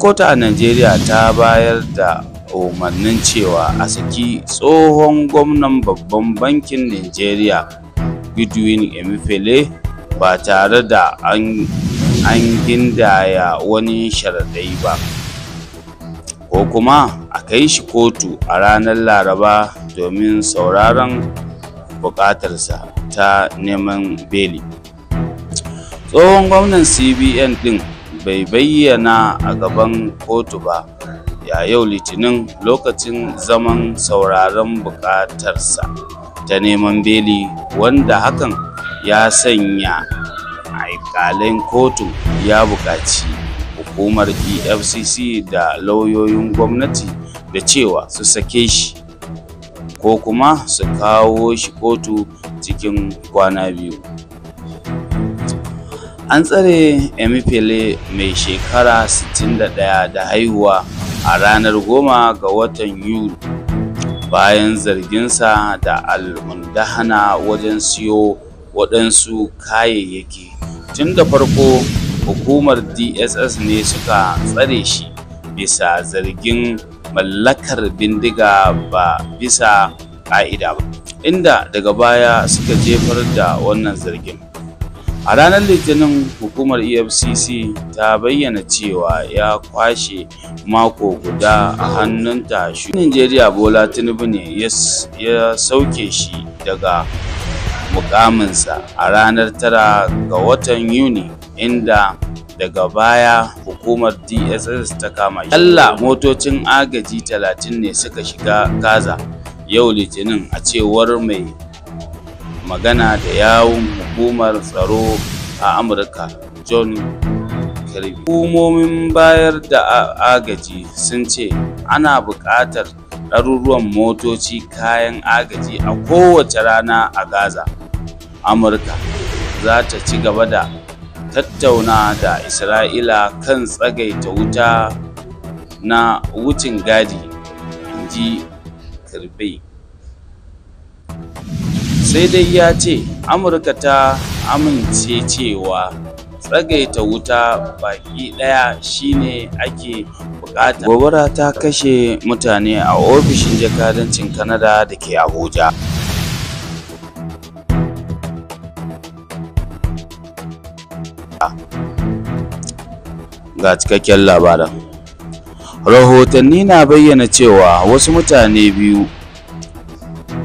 wata a najeriya ta bayar da umarnin cewa a saki tsohon gwamnan babban bankin najeriya Goodwin emefiele ba tare da an gindaya wani sharaɗai ba ko kuma a kai shi kotu a ranar laraba domin sauraron buƙatarsa ta neman beli tsohon gwamnan cbn ɗin bai bayyana a gaban kotu ba ya yau litinin lokacin zaman sauraron bukatarsa ta neman beli wanda hakan ya sanya alƙalin kotun ya buƙaci hukumar efcc da lauyoyin gwamnati da cewa su sake shi ko kuma su kawo shi kotu cikin kwana biyu an tsare emefiele mai shekara 61 da haihuwa a ranar 10 ga watan yuli bayan zarginsa da almundahana wajen siyo waɗansu kayayyaki tun da farko hukumar dss ne suka tsare shi bisa zargin mallakar bindiga ba bisa ƙa'ida ba inda daga baya suka jefar da wannan zargin a ranar litinin hukumar efcc ta bayyana cewa ya kwashe mako guda a hannunta shi nigeria bola tinubu ne ya sauke shi daga mukaminsa a ranar tara ga watan yuni inda daga baya hukumar dss ta kama shi Allah motocin agaji 30 ne suka shiga gaza yau litinin a cewar mai magana da yawun hukumar tsaro a amurka john kirby hukumomin bayar da agaji sun ce ana buƙatar ɗaruruwan motoci kayan agaji a kowace rana a gaza amurka za ta ci gaba da tattauna da isra'ila kan tsagaita wuta na wucin gadi in ji kirby sai dai ya ce amurka ta amince cewa tsagaita wuta baki daya shine ake bukata gobara ta kashe mutane a ofishin jakadancin kanada da ke abuja ga cikakken labaran rahotanni na bayyana cewa wasu mutane biyu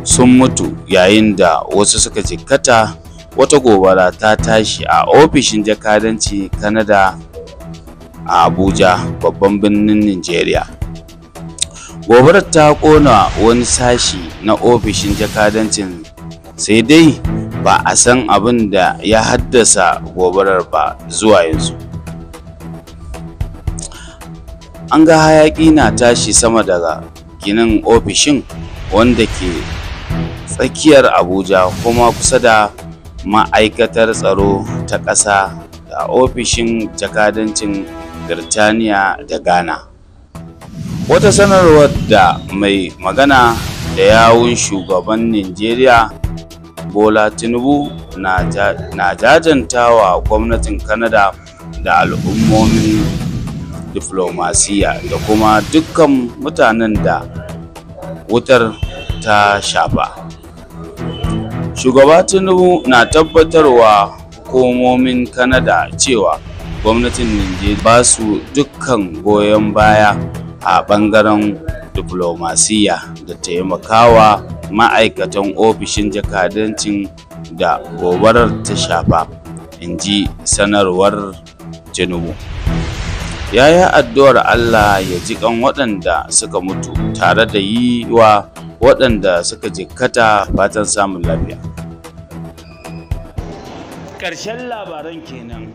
sun mutu yayin da wasu suka jikkata wata gobara ta tashi a ofishin jakadanci Kanada a Abuja babban birnin Nigeria. Gobarar ta kona wani sashi na ofishin jakadancin sai dai ba a san abin da ya haddasa gobarar ba zuwa yanzu. An ga hayaƙi na tashi sama daga ginin ofishin wanda ke tsakiyar abuja kuma kusa da ma'aikatar tsaro ta ƙasa da ofishin jakadancin birtaniya da ghana wata sanarwar da mai magana da yawun shugaban nigeria bola tinubu na jajantawa gwamnatin Kanada da al'ummomin diflomasiya da kuma dukkan mutanen da wutar ta shafa shugaba tinubu na tabbatarwa hukumomin kanada cewa gwamnatin Najeriya ba su dukkan goyon baya a ɓangaren diflomasiyya da taimakawa ma'aikatan ofishin jakadancin da gobarar ta shafa in ji sanarwar tinubu Yaya addu'ar allah ya ji kan waɗanda suka mutu tare da yi wa waɗanda suka jikkata fatan samun lafiya ƙarshen labaran kenan